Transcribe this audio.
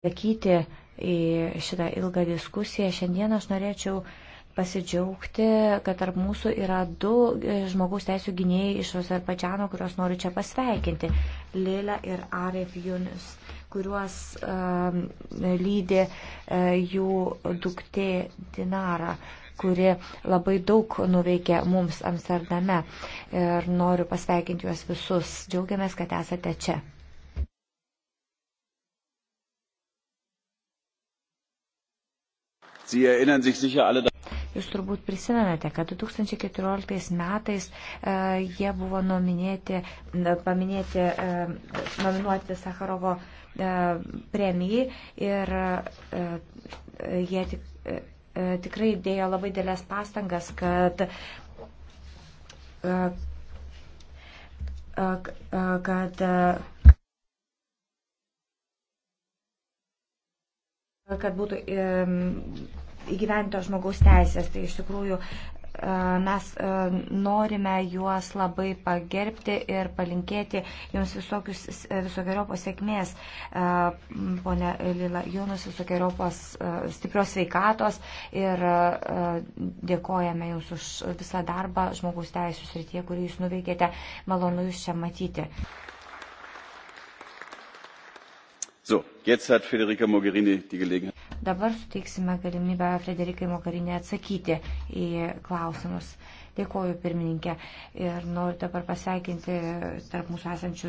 atsakyti į šitą ilgą diskusiją. Šiandien aš norėčiau pasidžiaugti, kad tarp mūsų yra du e, žmogaus teisų gynėjai iš Azerbaidžiano, kuriuos noriu čia pasveikinti - Lila ir Arif Junis, kuriuos uh, lydė uh, e, jų duktė Dinara kuri labai daug nuveikė mums Amsterdame. Ir noriu pasveikinti juos visus. Džiaugiamės, kad esate čia. Jūs turbūt prisimenate, kad 2014 metais e, jie buvo nominėti, paminėti, e, nominuoti Sakarovo e, premijai ir e, jie tik, e, e tikrai dėjo labai dėlės pastangas, kad e, e, e kad e, Kad būtų įgyvento žmogaus teisės, tai iš tikrųjų e, mes e, norime juos labai pagerbti ir palinkėti jums visokius, e, visokiojopos sėkmės, ponė Lila, jums visokiojopos stiprios sveikatos ir dėkojame jums už visą darbą žmogaus teisų srityje, kurį jūs nuveikėte. Malonu jūs čia matyti. So, jetzt hat Federica Mogherini die Gelegenheit. Dabar suteiksime galimybę Frederikai Mogherini atsakyti į klausimus. Dėkoju pirmininkė ir noriu dabar pasveikinti tarp mūsų esančius